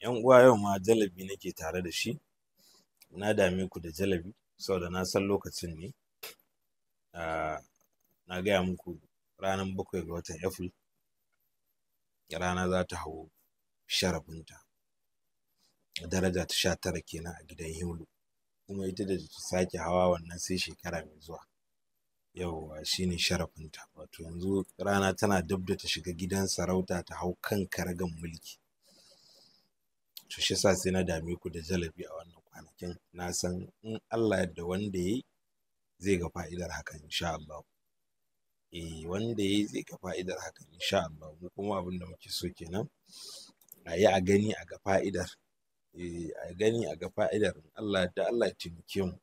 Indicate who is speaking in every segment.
Speaker 1: yan uwa yau ma jalabi nake tare da shi na dame ku da jalabi saboda na san lokacin ne ah, na gaya muku ranar bakwai ga watan april rana za ta hau sharafinta daraja ta sha tara kenan a gidan hulu kuma ita da ta sake hawa wannan sai shekara mai zuwa yau shi ne sharafinta wato yanzu rana tana dab da ta shiga gidan sarauta ta hau kan karagan mulki to shi sa sai na dame ku da jalabi a wannan kwanakin na san in Allah yadda wanda yayi zai ga fa'idar hakan insha Allah eh wanda yayi zai ga fa'idar hakan insha Allah mu kuma abin da muke so kenan a yi a gani a ga fa'idar eh a gani a ga fa'idar Allah da Allah ya taimake mu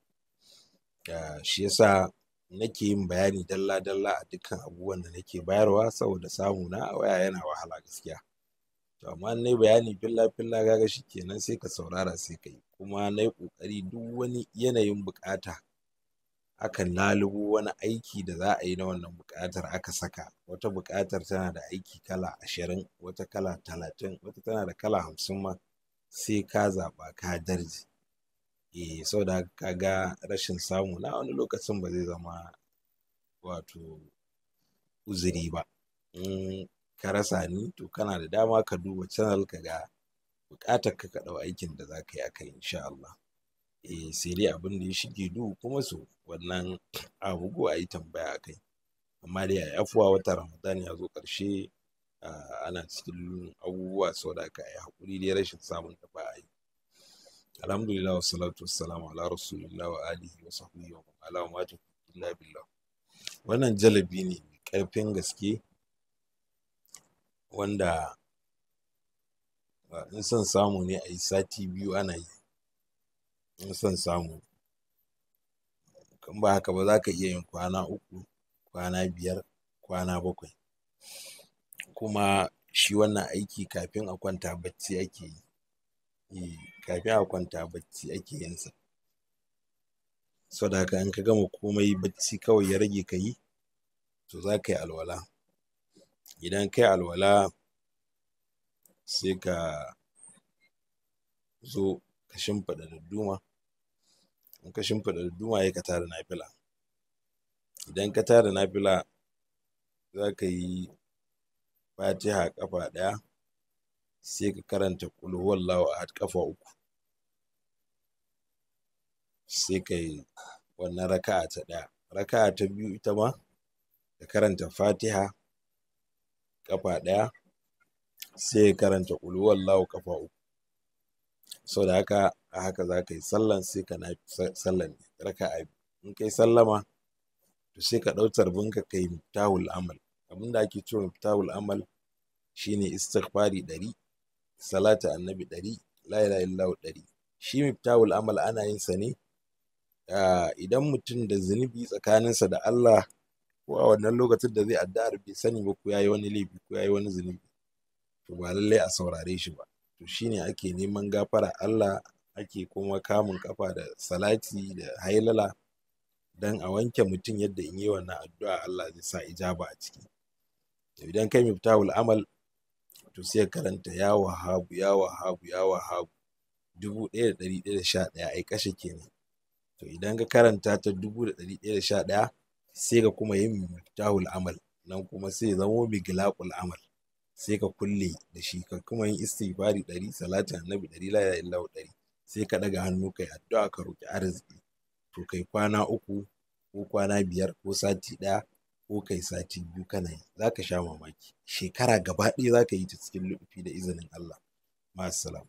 Speaker 1: shi yasa nake yin bayani dalla dalla a dukkan abubuwan da nake bayarwa saboda samu na a waya yana wahala gaskiya to amma na bayani filla filla kaga kenan sai ka saurara sai kai kuma nayi kokari duk wani yanayin bukata akan lalubo wani aiki da za a yi na wannan bukatar aka saka wata buƙatar tana da aiki kala ashirin wata kala talatin wata tana da kala hamsin ma sai ka zaɓa ka darji eh saboda ka ga rashin samu na wani lokacin ba zai zama wato uzuri ba ka rasa ni to kana da dama ka duba channel ka ga bukatar ka kaɗau aikin da zaka yi akai insha Allah eh sai dai abin da ya shige duhu kuma su wannan abugo a yi tambaya akai amma dai a afuwa wata Ramadan ya zo ƙarshe ana cikin abubuwa sau da aka yi haƙuri dai rashin samun da ba yi alhamdulillah wassalatu wassalamu ala rasulillah wa alihi wa sahbihi wa man ala wa illa billah wannan jalabi ne mai ƙarfin gaske wanda ah, in son samu ne a yi sati biyu ana yi in son samu kan ba haka ba za ka iya yin kwana uku kwana biyar kwana bakwai kuma shi wannan aiki kafin a kwanta bacci ake yi eh, kafin a kwanta bacci ake yin sa saboda haka in ka gama komai bacci kawai ya rage ka yi to za ka yi alwala idan kai alwala sai ka zo ka shimfiɗa dadduma in ka shimfiɗa dadduma sai ka tara nafila idan ka tara nafila za ka yi fatiha ƙafa ɗaya sai ka karanta ƙul huwallahu ahad ƙafa uku sai ka yi wannan raka'a ta ɗaya raka'a ta biyu ita ma ka karanta fatiha kafa ɗaya sai ya karanta ƙuluwar wallahu kafa uku so da haka a haka za ka yi sallan sai ka na sallan raka a in kai sallama to sai ka ɗau tarbin ka kai mutawul amal abin da ake cewa mutawul amal shine istighfari ɗari salatu annabi ɗari la illahu ɗari shi mutawul amal ana yin sa ne ah, idan mutum da zunubi tsakaninsa da Allah ko a wannan lokacin da zai addu'ar bai sani ba ko yayi wani laifi ko yayi wani zunubi to ba lallai a saurare shi ba to shine ake neman gafara Allah ake kuma kamun kafa da salati da hailala dan a wanke mutum yadda in yi wannan addu'a Allah zai sa ijaba a ciki to idan kai miftahul amal to sai karanta ya wahabu ya wahabu ya wahabu dubu ɗaya da ɗari ɗaya da sha ɗaya ai kashe kenan to idan ka karanta ta dubu da ɗari ɗaya da sha ɗaya sai ka kuma yi miftahul amal nan kuma sai ya zamo bigilaqul amal sai ka kulle da shi ka kuma yin istighfari ɗari salatin annabi ɗari la ilaha illahu ɗari sai ka ɗaga hannu kai addu'a ka roki arziki to kai kwana uku ko kwana biyar ko sati ɗaya ko kai sati biyu kana yi za ka sha mamaki shekara gaba ɗaya za ka yi ta cikin lufi da izinin Allah ma'assalam